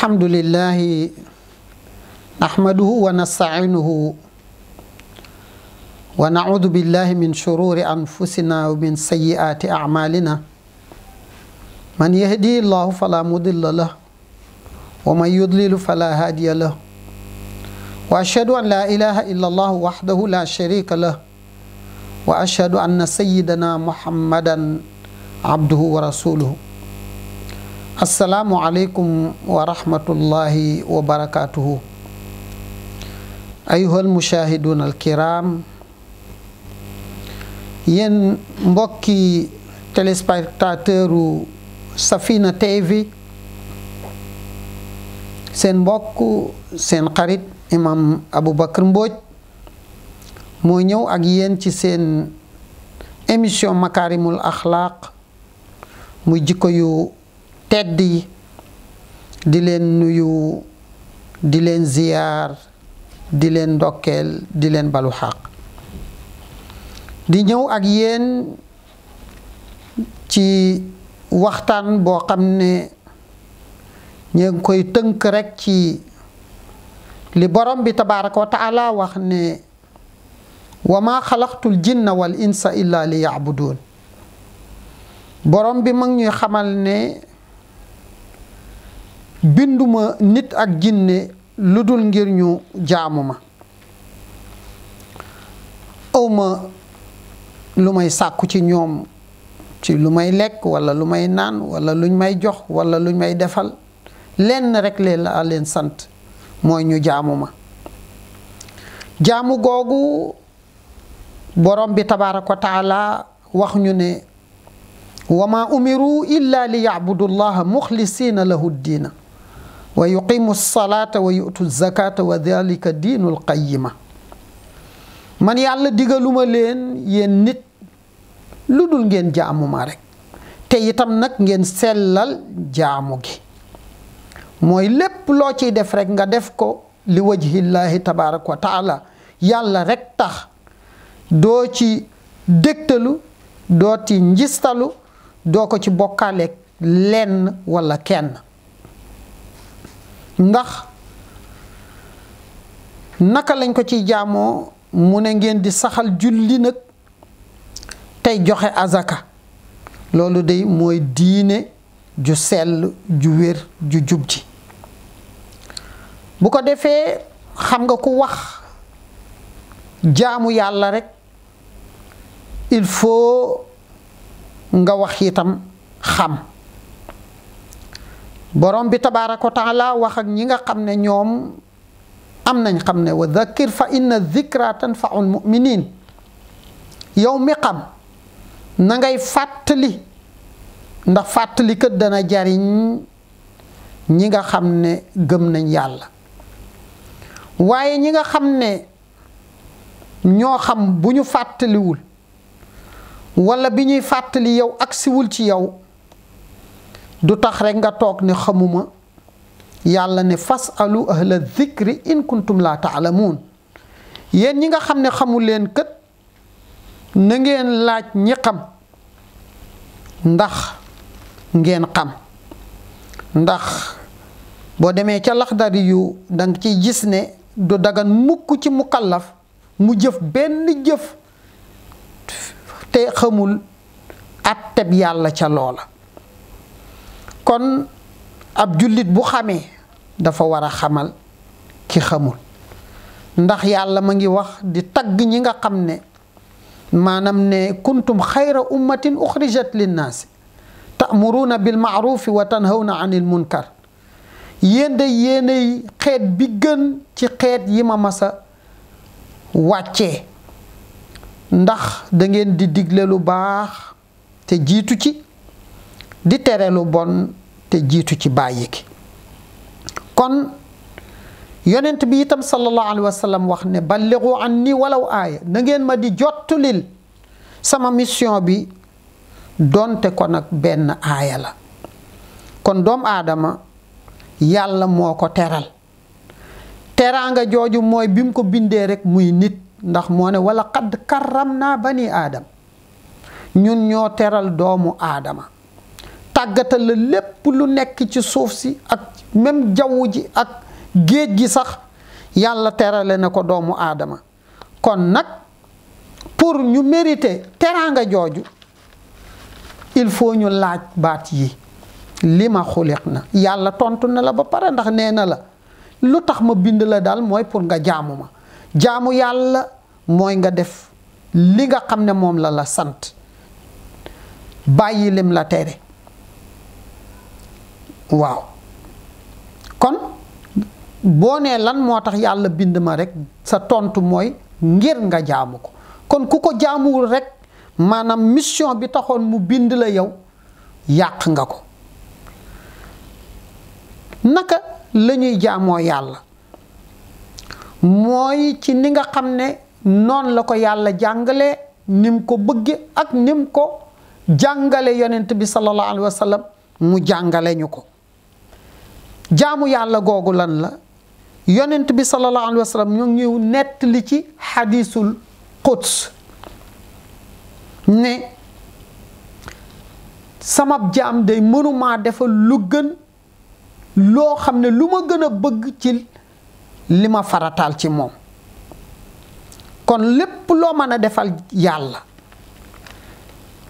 الحمد لله نحمده ونستعينه ونعوذ بالله من شرور أنفسنا ومن سيئات أعمالنا من يهدي الله فلا مضل له ومن يضلل فلا هادي له وأشهد أن لا إله إلا الله وحده لا شريك له وأشهد أن سيدنا محمدا عبده ورسوله asalaamualeykum wa rahmatullahi wa barakaatuhu ayuha almushaahiduuna alkiram yéen mbokki téléspectateur u Safina TV seen mbokk seen xarit imam Aboubacar Mbodj moo ñëw ak yéen ci seen émission makaarimul axlaaq muy jikko teddi di len nuyu di len ziar di len dokkel di len balu haq di ñew ak yeen ci waxtan bo xamne ne koy teunk rek ci li borom bi tabaraka wa taala wax ne wa ma jinna wal insa illa liya'budun borom bi mag ñuy xamal ne binduma nit ak jinne lu dul ngir ñu jaamu ma awma lu may sàkku ci ñoom ci lu may lekk wala lu may naan wala luñ may jox wala luñ may defal lenn rek leen leen sant mooy ñu jaamu ma jaamu googu borom bi tabaaraka wa taala wax ñu ne wa ma umiru illa li yacbudu llaha muxlisiina lahu ddiina wa yuqimu salaata wa yutu zakata wa dalika diinul qayima man yàlla digaluma leen yéen nit lu dul ngeen jaamuma rek te itam nag ngeen sellal jaamu gi mooy lépp loo ciy def rekk nga def ko li wajhillaahi tabaaraka wa taala yàlla rekk tax doo ci dëktalu doo ci njistalu doo ko ci bokkaaleeg lenn walla kenn ndax naka lañ ko ci jaamoo mu ne ngeen di saxal julli nag tey joxe azaka loolu de mooy diine ju sell ju wér ju jub ji bu ko defee xam nga ku wax jaamu yàlla rekk il faut nga wax itam xam borom bi tabaaraku taala wax ak ñi nga xamne ñoom am nañ xamne wa dhakir fa inna dhikra tanfaul muminin yow mi xam na ngay fatali ndax fatali ke dana jariñ ñi nga xamne gëm nañ yàlla waye ñi nga xamne ño xam buñu fatali wul wala biñuy fatali yow aksi wul ci yow du tax rek nga toog ne xamuma yàlla ne fas alu ahla zikri in kuntum laa taalamuun yéen ñi nga xam ne xamu leen kët na ngeen laaj ñi xam ndax ngeen xam ndax boo demee ca laxdari yu danga ci gis ne du dagan mukk ci mukkallaf mu jëf benn jëf te xamul atteb yàlla ca loola kon ab jullit bu xamee dafa war a xamal ki xamul ndax yàlla ma ngi wax di tagg ñi nga xam ne maanaam ne kuntum xayra ummatin uxrijat linnaasi tamuruuna bil maarufi wa tanhawna anil munkar yéen de yéenay xeet bi gën ci xeet yi ma masa wàcce ndax dangeen di digle lu baax te jiitu ci di tere lu bon te jiitu ci bàyyi ki kon yonent bi itam sallallahu alayhi wa wax ne balligu anni walaw aaya nangeen ma di jottulil sama mission bi donte ko nag benn aaya la kon doom aadama yàlla moo ko teral teraanga jooju mooy bi mu ko bindee rek muy nit ndax moo ne wala qad karram naa bani aadam ñun ñoo teral doomu aadama tàggatal la lépp lu nekk ci suuf si ak même jaww ji ak géej gi sax yàlla terale na ko doomu aadama kon nag pour ñu mériter teraanga jooju il faut ñu laaj baat yi li ma xuliq na yàlla tontu na la ba pare ndax nee na la lu tax ma bind la daal mooy pour nga jaamu ma jaamu yàlla mooy nga def li nga xam ne moom la la sant bàyyi lim la tere waaw kon boo nee lan moo tax yàlla bind ma rekk sa tontu mooy ngir nga jaamu ko kon ku ko jaamuwul rekk maanaam mission bi taxoon mu bind la yow yàq nga ko naka lañuy ñuy jaamoo yàlla mooy ci ni nga xam ne noonu la ko yàlla jàngale nim ko bëgge ak nim ko jàngale yonent bi sallallahu alayhi mu jàngale ñu ko jaamu yàlla googu lan la yonent bi sallallahu alayhi wa sallam nett li ci xadiisul quds ne sama jaam day mënumaa defal lu gën loo xam ne lu ma gën a bëgg ci li ma farataal ci moom kon lépp loo mën a defal yàlla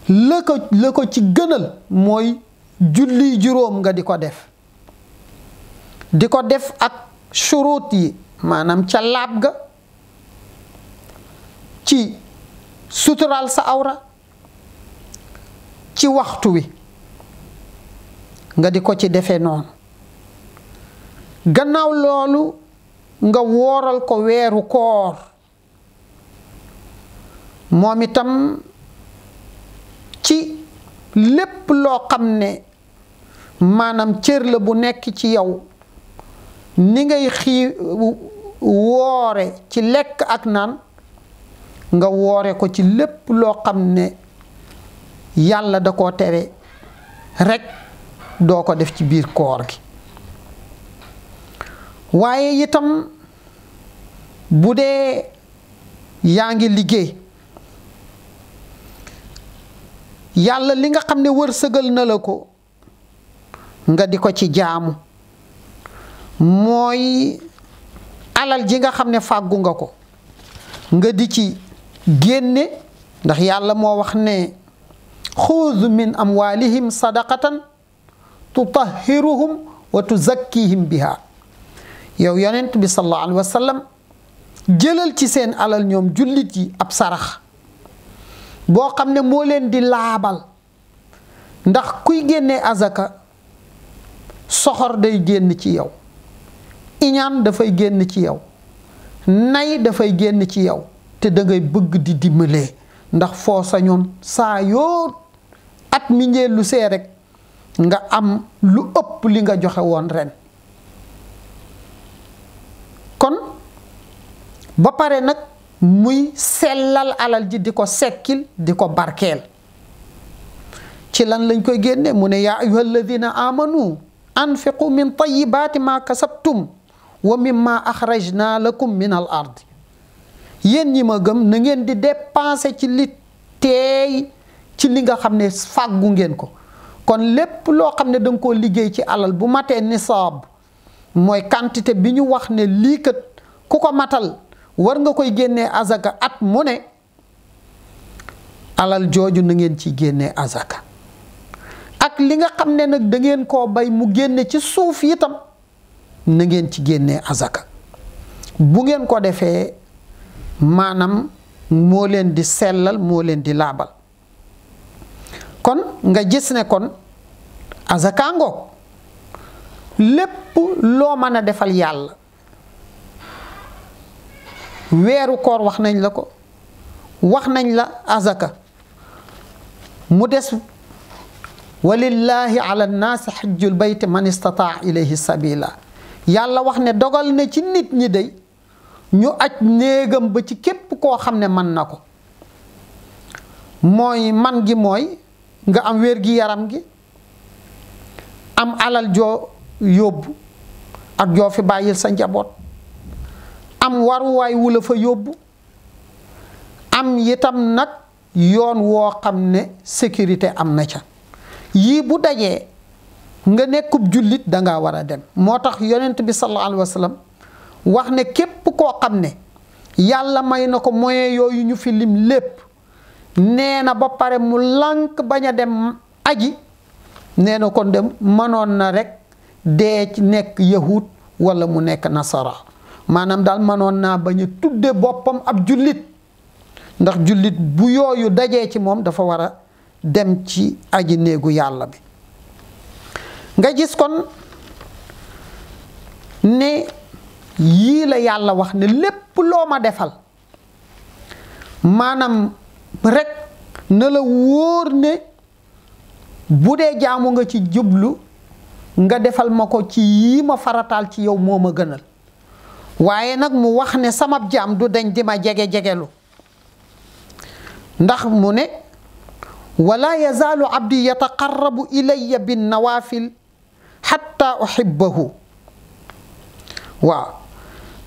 la ko ci gënal mooy julli juróom nga di ko def di ko def ak churut yi maanaam ca laab ga ci suturaal sa awra ci waxtu wi nga di ko ci defee noonu gannaaw loolu nga wooral ko weeru koor moom itam ci lépp loo xam ne maanaam cër la bu nekk ci yow ni ngay xii woore ci lekk ak naan nga woore ko ci lépp loo xam ne yàlla da ko tere rekk doo ko def ci biir koor gi waaye itam bu dee yaa ngi liggéey yàlla li nga xam ne wërsëgal na la ko nga di ko ci jaamu mooy alal ji nga xam ne fàggu nga ko nga di ci génne ndax yàlla moo wax ne xuuz min amwalihim sadaqatan tutahhiruhum wa tuzakkihim biha yow yonent bi sallallahu alayhi wa jëlal ci seen alal ñoom jullit yi ab sarax boo xam ne moo leen di laabal ndax kuy génnee azaka soxor day génn ci yow iñaan dafay génn ci yow nay dafay génn ci yow te dangay bëgg di dimbalee ndax foo sañoon saa yoo at mi ngeen lu see rekk nga am lu ëpp li nga joxe woon ren kon ba pare nag muy sellal alal ji di ko sekkil di ko barkeel ci lan lañ koy génnee mu ne yaa ayuha alladina amanu anfiqu min tayibaati ma kasabtum wa mimma axrajna lakum min al ard yéen ñi ma gëm na ngeen di dépenser ci li teey ci li nga xam ne fàggu ngeen ko kon lépp loo xam ne da koo liggéey ci alal bu matee nisaab mooy quantité bi ñu wax ne lii kat ku ko matal war nga koy génnee azaka at mu ne alal jooju na ngeen ci génnee azaka ak li nga xam ne nag da ngeen koo bay mu génne ci suuf yitam nangeen ci génne azaka bu ngeen ko defee maanaam moo leen di sellal moo leen di laabal kon nga gis ne kon azaka ngoog lépp loo mën a defal yàlla weeru koor wax nañ la ko wax nañ la azaka mu des walillahi ala nnaasi xajjul bayti man istataa ilayhi sabila yàlla wax ne dogal na ci nit ñi day ñu aj néegam ba ci képp koo xam ne man na ko mooy man gi mooy nga am wér gi yaram gi am alal joo yóbbu ak joo fi bàyyil sa njaboot am waruwaay wu fa yóbbu am yitam nag yoon woo xam ne sécurité am na ca yii bu dajee nga nekkub julit da nga wara dem motax yonent bi sallallahu alaihi wasallam wax ne kep ko xamne ne may na ko moyen yooyu ñu fi lim lepp neena ba pare mu lank baña dem aji neena kon dem manon na rek de nek yahud wala mu nek nasara manam dal manon na baña tudde bopam ab julit ndax julit bu yoyu dajé ci mom dafa wara dem ci aji neegu yalla bi nga gis kon ne yii la yàlla wax ne lépp loo ma defal maanaam rekk na la wóor ne bu dee jaamu nga ci jublu nga defal ma ko ci yii ma farataal ci yow moo ma gënal waaye nag mu wax ne samab jaam du dañ di ma jege-jegelu ndax mu ne wala yazaalu abdi yataqarrabu ilayya bin nawaafil xatta uhibbahu waaw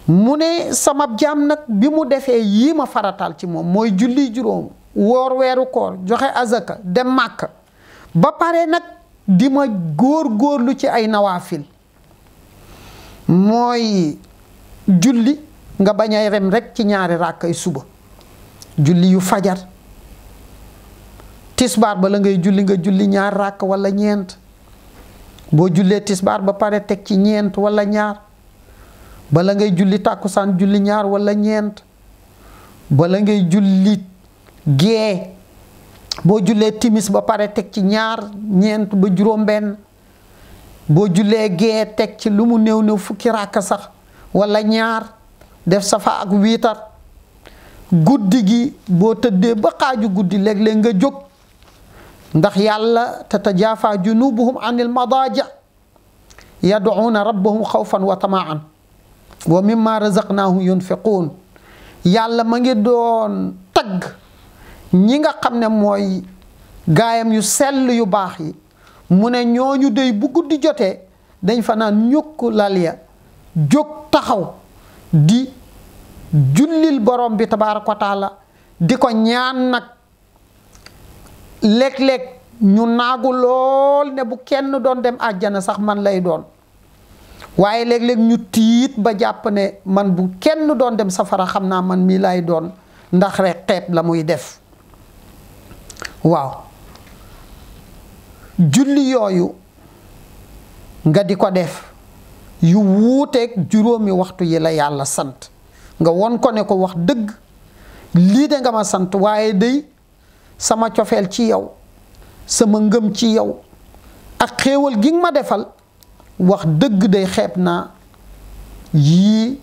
mu ne sama jaam nag bi mu defee yii ma faratal ci moom mooy julli juróom woor weeru koor joxe azaka dem màkk ba pare nag di ma góor góorlu ci ay nawaafil mooy julli nga bañ a rem rekk ci ñaari ràkk ràkkay suba julli yu fajar tisbaar ba la ngay julli nga julli ñaar ràkk walla ñeent boo jullee tisbaar ba pare teg ci ñeent wala ñaar bala ngay julli tàkkusaan julli ñaar wala ñeent bala ngay julli gee boo jullee timis ba pare teg ci ñaar ñeent ba juróom-benn boo jullee gee teg ci lu mu néew néew fukki ràkk sax wala ñaar def safa ak wiitar guddi gi boo tëddee ba xaaju guddi léeg-léeg nga jóg ndax yàlla tatajaafaa junubuhum anil madaaja yaduuna rabbahum xawfan wa tamaan wa mimma razaqnaahum yunfiquun yàlla ma ngi doon tagg ñi nga xam ne mooy gaayam yu sell yu baax yi mu ne ñooñu dey bu guddi jotee dañ fanaan naan lalya lal taxaw di jullil borom bi tabaaraka di ko ñaan léeg ñu naagu lool ne bu kenn doon dem àjjana sax man lay doon waaye léeg-léeg ñu tiit ba jàpp ne man bu kenn doon dem safara xam naa man mii lay doon ndax rek xeeb la muy def waaw julli yooyu nga di ko def yu wuuteeg juróomi waxtu yi la yàlla sant nga won ko ne ko wax dëgg lii de nga ma sant waaye day sama cofeel ci yow sama ngëm ci yow ak xéewal gi ma defal wax dëgg day xeeb naa yii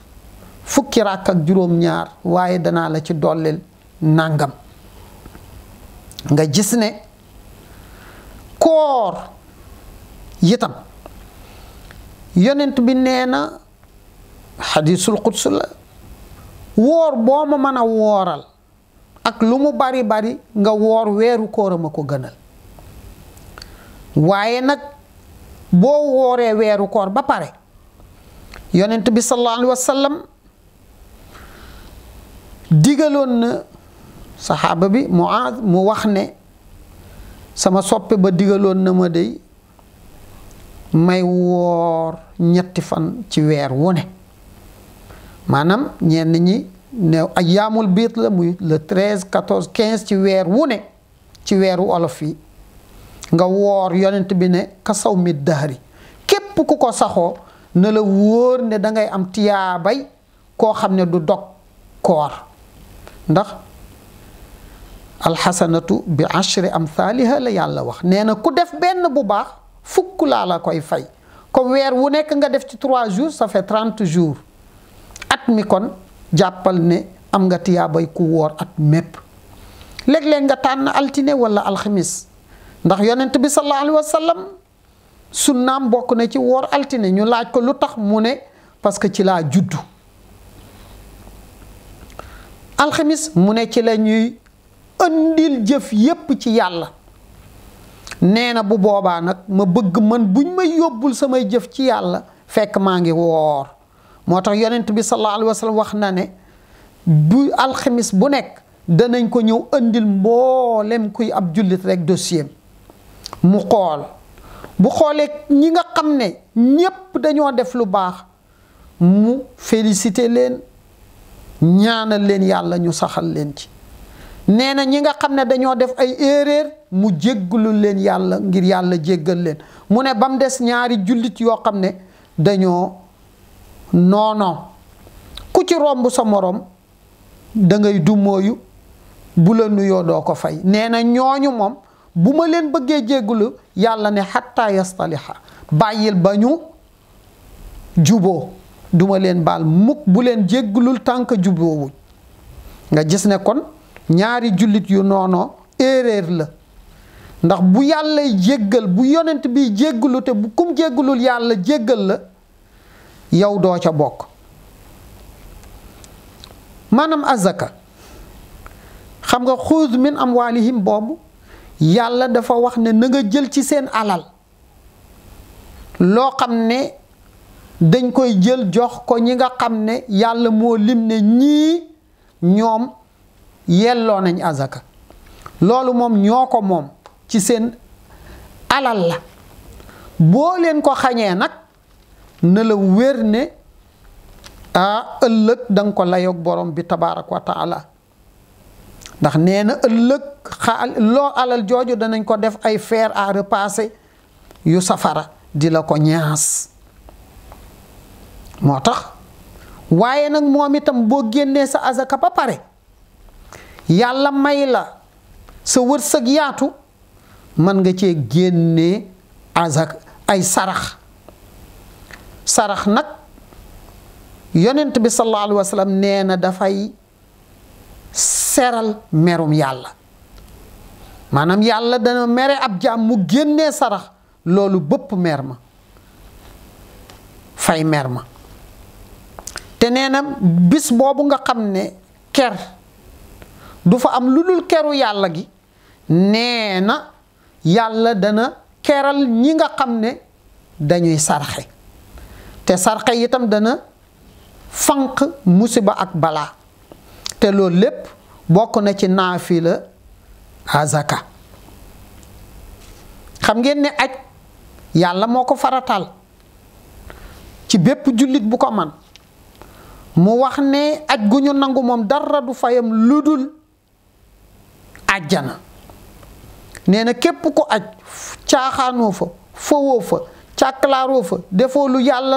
fukki ràkk ak juróom-ñaar waaye danaa la ci dollil nàngam nga gis ne koor yitam yonent bi nee na xadiisul qudsu la woor boo ma mën a wooral ak lu mu bari bari nga woor weeru kooram a ko gënal waaye nag boo wooree weeru koor ba pare yonent bi sallallahu alayhi wa digaloon na saxaaba bi Muaaz mu wax ne sama soppe ba digaloon na ma dey may woor ñetti fan ci weer wu ne maanaam ñenn ñi ne ayamul bit la muy le 13 14 15 ci weer wu ne ci weeru olof yi nga woor yonent bi ne ka mi dahri képp ku ko saxoo na la wóor ne da ngay am tiyaabay koo xam du dog koor ndax alxasanatu bi ashri amthaliha la yàlla wax nee na ku def benn bu baax fukk laa la koy fay comme weer nga def ci 3 jours ça fait 30 jours at mi kon jàppal ne am nga tiyaabay ku woor at mépp léeg-léeg nga tànn altine walla alximis ndax yonent bi sallallahu alayhi wa sallam sunnaam bokk na ci woor altine ñu laaj ko lu tax mu ne parce que ci laa juddu alxamis mu ne ci la ñuy indil jëf yépp ci yàlla nee na bu boobaa nag ma bëgg man buñ may yóbbul samay jëf ci yàlla fekk maa ngi woor moo tax yonent bi sallallahu alayhi wax na ne bu alxamis bu nekk danañ ko ñëw andil mboolem kuy ab jullit rek dossier mu xool bu xooleek ñi nga xam ne ñépp dañoo def lu baax mu félicité leen ñaanal leen yàlla ñu saxal leen ci nee na ñi nga xam ne dañoo def ay erreur mu jéggalu leen yàlla ngir yàlla jéggal leen mu ne ba mu des ñaari jullit yoo xam ne dañoo non ku ci romb sa morom dangay ngay dummóoyu bu la nuyoo doo ko fay nee na ñooñu moom bu ma leen bëggee jéggulu yàlla ne xatta yastaliha bàyyil ba ñu juboo duma leen baal mukk bu leen jéggulul tànk juboowuñ nga gis ne kon ñaari jullit yu noonoo erreur la ndax bu yàlla jéggal bu yonent bi jéggulu te bu kum jéggulul yàlla jéggal la yow doo ca bokk maanaam azaka xam nga xuus min amwaalihim boobu yàlla dafa wax ne na nga jël ci seen alal loo xam ne dañ koy jël jox ko ñi nga xam ne yàlla moo lim ne ñii ñoom yelloo nañ azaka loolu moom ñoo ko moom ci seen alal la boo leen ko xañee nag na la wér ne a ëllëg da nga ko layoog borom bi tabaaraka wa ndax nee na ëllëg xaal loo alal jooju danañ ko def ay fer à repasser yu safara di la ko ñaas moo tax waaye nag moom itam boo génnee sa azaka ba pare yàlla may la sa wërsëg yaatu mën nga cee génnee azak ay sarax sarax nag yonent bi sallallahu alayhi wa nee na dafay seral merum yàlla maanaam yàlla dana mere ab jàmm mu génnee sarax loolu bëpp mer ma fay mer ma te nee na bis boobu nga xam ne ker du fa am lu dul keru yàlla gi nee na yàlla dana keral ñi nga xam ne dañuy sarxe te sarxe itam dana fanq musiba ak balaa te loolu lépp bokk na ci naafi la azaka xam ngeen ne aj yàlla moo ko faratal ci bépp jullit bu ko man mu wax ne aj gu ñu nangu moom dara du fayam lu dul àjjana nee képp ko aj caaxaanoo fa fowoo fa chaklaruf defo lu yàlla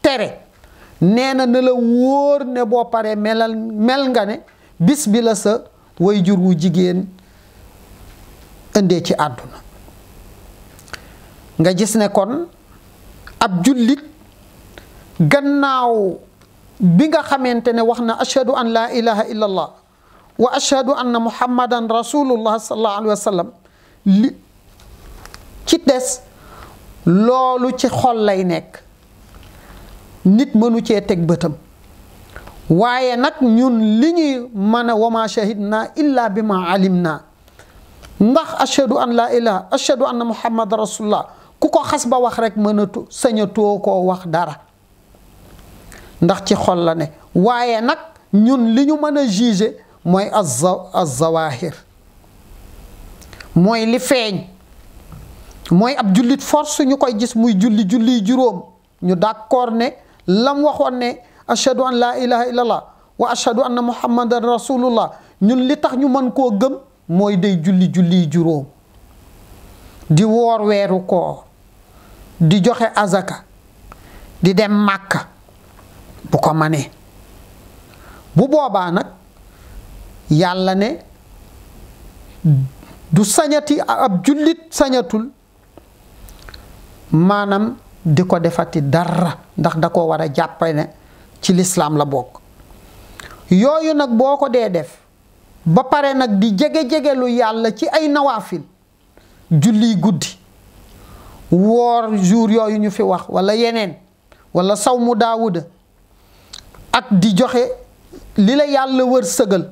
tere néna na la wor ne bo paré melal mel nga ne bis bi la sa way jur wu jigen ëndé ci aduna nga gis ne kon ab julit gannaaw bi nga xamante ne wax ashhadu an la ilaha illa allah wa ashhadu anna muhammadan rasulullah sallallahu alaihi wasallam ci dess loolu ci xol lay nekk nit mënu cee teg bëtam waaye nag ñun li ñuy mën a wama shahidna illa bi ma alim naa ndax ashadu an la ilaha ashadu anna muhammad rasulullah ku ko xas ba wax rek mën a tu sañatoo koo wax dara ndax ci xol la ne waaye nag ñun li ñu mën a juger mooy az zawahir mooy li feeñ mooy ab jullit force ñu koy gis muy julli julli juróom ñu d'accord ne lam waxoon ne ashhadu an laa ilaha illallah wa ashhadu anna muhammadan rasulullah ñun li tax ñu mën koo gëm mooy day julli julli juróom di woor weeru koor di joxe azaka di dem màkka bu ko manee bu boobaa nag yàlla ne du sañati ab jullit sañatul maanaam di ko defati dara ndax da ko war a jàpp ne ci lislaam la bokk yooyu nag boo ko dee def ba pare nag di jege-jegelu yàlla ci ay nawaafil julli guddi woor jour yooyu ñu fi wax wala yeneen wala saw mu daawuda ak di joxe li la yàlla wër sëgal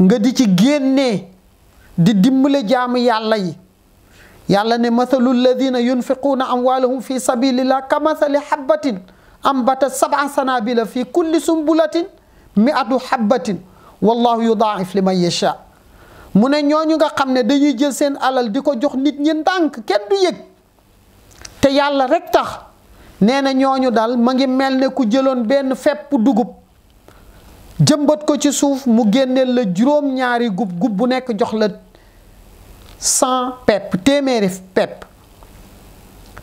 nga di ci génnee di dimbale jaamu yàlla yi yàlla ne mathalu alladina yunfiquuna amwaalahum fi sabilillah ka mathali habbatin ambatat sab'a sanabila fi kulli sumbulatin mi'atu habbatin wallahu yudaa'if liman yasha mu ne ñooñu nga xam ne dañuy jël seen alal di ko jox nit ñi ndànk kenn du yëg te yàlla rek tax nee na ñooñu daal ma ngi mel ne ku jëloon benn fepp dugub jëmbat ko ci suuf mu génneel la juróom-ñaari gub gub bu nekk jox la cent pepp téeméeri pepp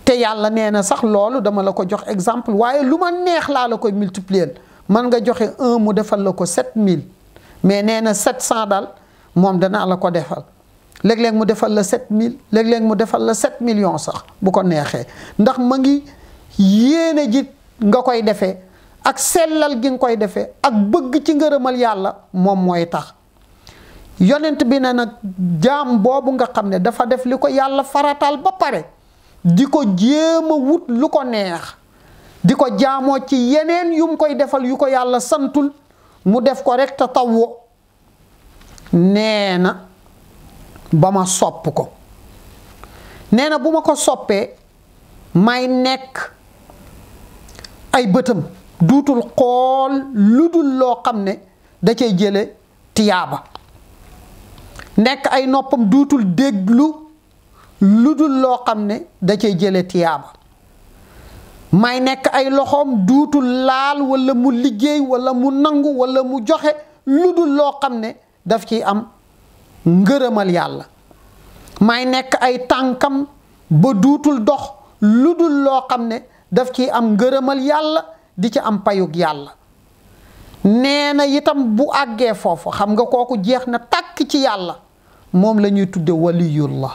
te yàlla nee na sax loolu dama la ko jox exemple waaye lu ma neex laa la koy multiplier man nga joxe un mu defal la ko sept mille mais nee na sept cent daal moom danaa la ko defal léeg-léeg mu defal la sept mille léeg-léeg mu defal la sept million sax bu ko neexee ndax ma ngi yéene ji nga koy defee ak sellal gi nga koy defee ak bëgg ci ngërëmal yàlla moom mooy tax yonent bi na nag jaam boobu nga xam ne dafa def li ko yàlla faratal ba pare di ko jéem a wut lu ko neex di ko jaamoo ci yeneen yum koy defal yu ko yàlla santul mu def ko rek te tawwo nee na ba ma sopp ko nee na bu ma ko soppee may nekk ay bëtam duutul xool lu dul loo xam ne da cay jële tiyaaba nekk ay noppam duutul déglu lu dul loo xam ne da cay jële tiyaaba may nekk ay loxoom duutul laal wala mu liggéey walla mu nangu wala mu joxe lu dul loo xam ne daf ciy am ngërëmal yàlla may nekk ay tànkam ba duutul dox lu loo xam ne daf ciy am ngërëmal yàlla di ci am payug yàlla nee na itam bu àggee foofu xam nga kooku jeex na tàkk ci yàlla moom la ñuy tudde waliyullah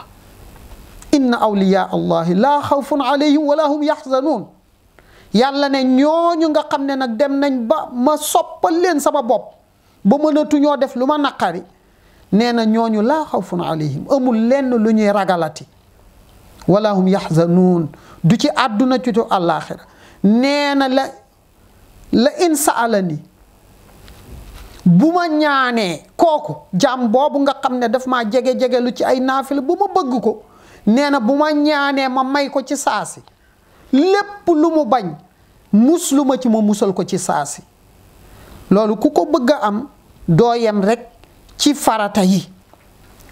inna awliyaa allahi laa xawfun alayhim wala hum yaxzanuun yàlla ne ñooñu nga xam ne nag dem nañ ba ma soppal leen sama bopp ba mënatuñoo def lu ma naqari nee na ñooñu laa xawfun alayhim amul lenn lu ñuy ragalati wala hum yaxzanuun du ci àdduna ci tu àllaaxira nee na la la in saalani bu ma ñaanee kooku jaam boobu nga xam ne daf maa jege-jege lu ci ay naafila bu ma bëgg ko nee na bu ma ñaanee ma may ko ci saasi lépp lu mu bañ mus lu ma ci ma musal ko ci saasi loolu ku ko bëgg a am doo yem rekk ci farata yi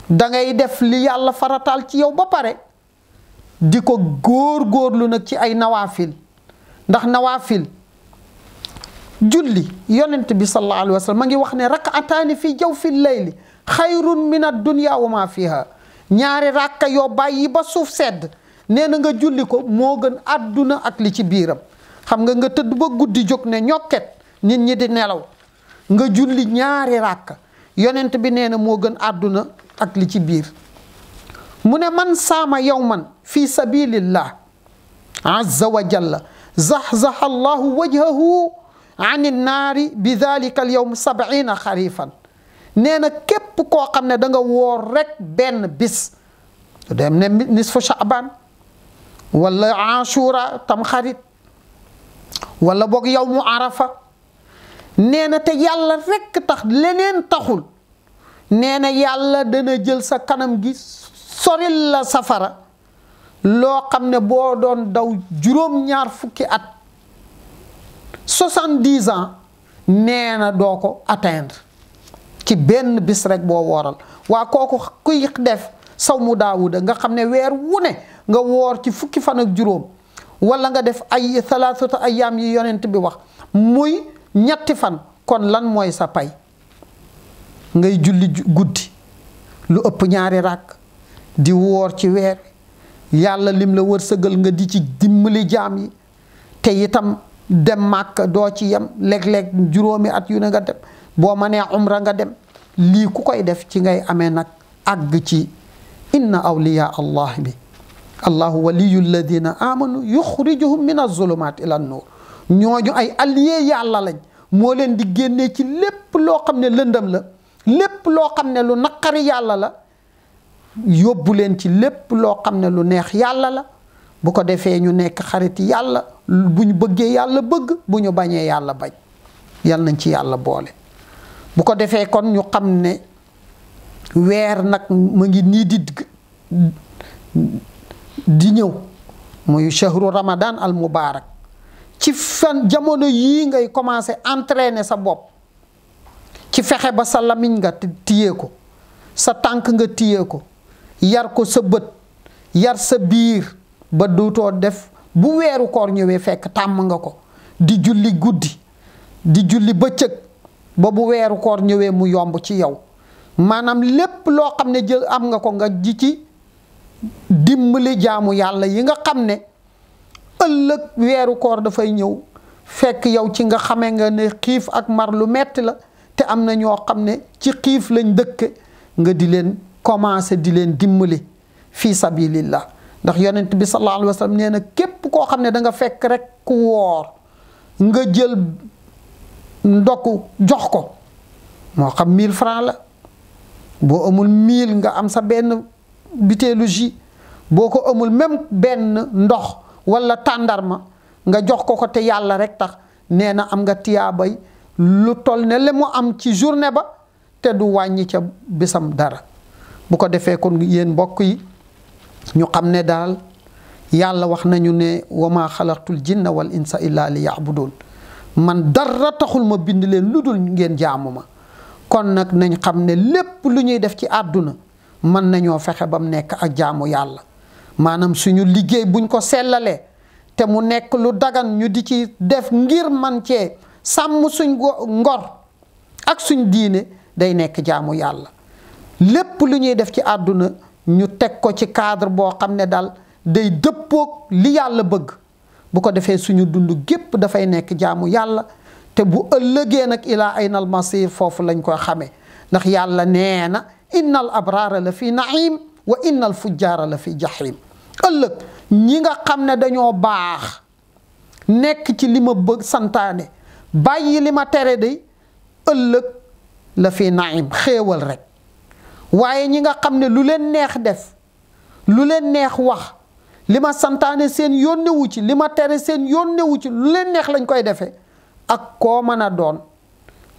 dangay def li yàlla farataal ci yow ba pare di ko góor góorlu nag ci ay nawaafil ndax nawaafil julli yonent bi sallallahu alayhi wasallam ngi wax ne rakaataani fi jawfi layl xayrun min ad-dunya wa ma fiha ñaari rakka yo bàyyi ba suuf sedd neena nga julli ko mo gën aduna ak li ci biram xam nga nga tëdd ba guddii jóg ne ñokket nit ñi di nelaw nga julli ñaari rakka yonent bi neena mo gën aduna ak li ci bir mune man sama yawman fi sabilillah azza wa jalla zahzaha allah wajhahu عن النار بذلك اليوم سبعين خريفا نينا كيب كو خامني داغا وور رك بن بيس دم نصف شعبان ولا عاشورا تم خريط ولا بوك يوم عرفه نينا تا يالا رك تخ لنين تخول نينا يالا دا نا جيل سا كانم جي سوري لا سفرا لو خامني بو دون داو جوروم نيار فوكي ات 70 ans nee na doo ko atteindre ci benn bis rekk boo wooral waa kooku kuy def saw mu daawuda nga xam ne weer wu ne nga woor ci fukki fan ak juróom walla nga def ay thalathata yam yi yonent bi wax muy ñetti fan kon lan mooy sa pay ngay julli guddi lu ëpp ñaari ràkk di woor ci weer yàlla lim la wërsëgal nga di ci dimbali jaam yi te itam dem màkk doo ci yam léeg-léeg juróomi at yu ne nga dem boo mënee umra nga dem lii ku koy def ci ngay amee nag àgg ci inna awliya allah bi allahu waliyu alladina amanu yuxrijuhum min azulumat ila nuur ñooñu ay allié yàlla lañ moo leen di génnee ci lépp loo xam ne lëndam la lépp loo xam ne lu naqari yàlla la yóbbu leen ci lépp loo xam ne lu neex yàlla la bu ko defé ñu nekk xarit yalla bu bëggé yalla bëgg buñu bañé yalla bañ yalla nañ ci yalla boole bu ko defé kon ñu xamné ne wer nak ngi nii di di shahru ramadan al mubarak ci fan jamono yi ngay commencé entraîner sa bop ci fexé ba sa nga tiyé ko sa tank nga tiyé ko yar ko sa bëtt yar sa biir ba too def bu weeru koor ñëwee fekk tàmm nga ko di julli guddi di julli ba cëg ba bu weeru koor ñëwee mu yomb ci yow maanaam lépp loo xam ne jël am nga ko nga ji ci dimbali jaamu yàlla yi nga xam ne ëllëg weeru koor dafay ñëw fekk yow ci nga xamee nga ne xiif ak mar lu metti la te am na ñoo xam ne ci xiif lañ dëkke nga di leen commencé di leen dimbali fii sabilillah ndax yonent bi sallallahu alaihi wasallam neena kep ko xamne da nga fekk rek ku wor nga jël ndoku jox ko mo xam 1000 francs la bo amul 1000 nga am sa ben bitéelu boko amul même ben ndox wala tandarma nga jox ko ko te yalla rek tax neena am nga tiyabay lu tol ne le mo am ci journée ba te du wañi ci bisam dara bu ko defé kon yeen mbokk yi ñu xam ne daal yàlla wax nañu ne wa maa xalaqtul jinna wal insa illaa li doon man dara taxul ma bind leen lu dul ngeen jaamu ma kon nag nañ xam ne lépp lu ñuy def ci àdduna mën nañoo fexe ba mu nekk ak jaamu yàlla maanaam suñu liggéey buñ ko sellalee te mu nekk lu dagan ñu di ci def ngir man cee sàmm suñ ngor ak suñ diine day nekk jaamu yàlla lépp lu ñuy def ci àdduna ñu tek ko ci cadre bo xamne dal day deppok li yàlla bëgg bu ko defé suñu dund gépp fay nekk jaamu yàlla te bu ëllëgé nak ila aynal masir fofu lañ ko xamé ndax yàlla neena innal abraara la fi naim wa innal fujjaara la fi jahim ëllëk ñi nga xamne dañoo baax nekk ci lima bëgg santane bàyyi lima tere day ëllëk la fi naim xéewal rek waaye ñi nga xam ne lu leen neex def lu leen neex wax li ma santaane seen yónnewu ci li ma tere seen yónnewu ci lu leen neex lañ koy defee ak koo mën a doon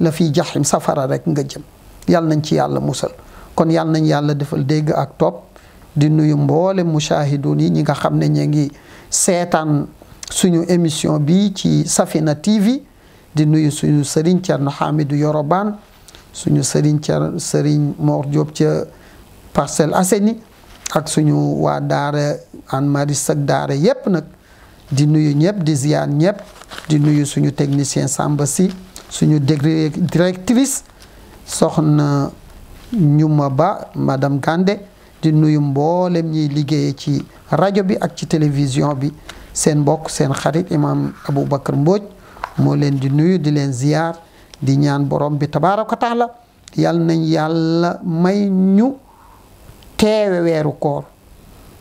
la fi jaxim safara rek nga jëm yàlla nañ ci yàlla musal kon yàlla nañ yàlla defal dégg ak topp di nuyu mboole mushaahidoon yi ñi nga xam ne ñu ngi seetaan suñu émission bi ci Safina TV di nuyu suñu sëriñ Thierno Hamidou Yoroban suñu sëriñ ca sëriñ Mor Diop ca Parcelles Assainies ak suñu waa daara Anne Marie Seck daara yépp nag di nuyu ñëpp di ziar ñëpp di nuyu suñu technicien sàmba si suñu degré directrice soxna Ñuma Ba madame gande di nuyu mboolem ñuy liggéeye ci rajo bi ak ci télévision bi seen mbokk seen xarit imam Aboubacar Mbodj moo leen di nuyu di leen ziar di ñaan borom bi tabaaraka taala yal nañ yàlla may ñu teewe weeru koor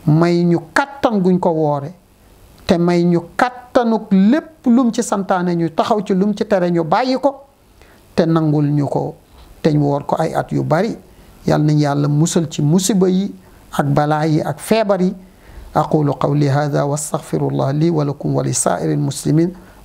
may ñu kattan guñ ko woore te may ñu kattanuk lépp lum ci santaane ñu taxaw ci lum ci tere ñu bàyyi ko te nangul ñu ko teñ woor ko ay at yu bari yal nañ yàlla musal ci musiba yi ak balaa yi ak feebar yi aqulu qawli hada wa astaghfirullah li wa lakum wa li saa'iri almuslimin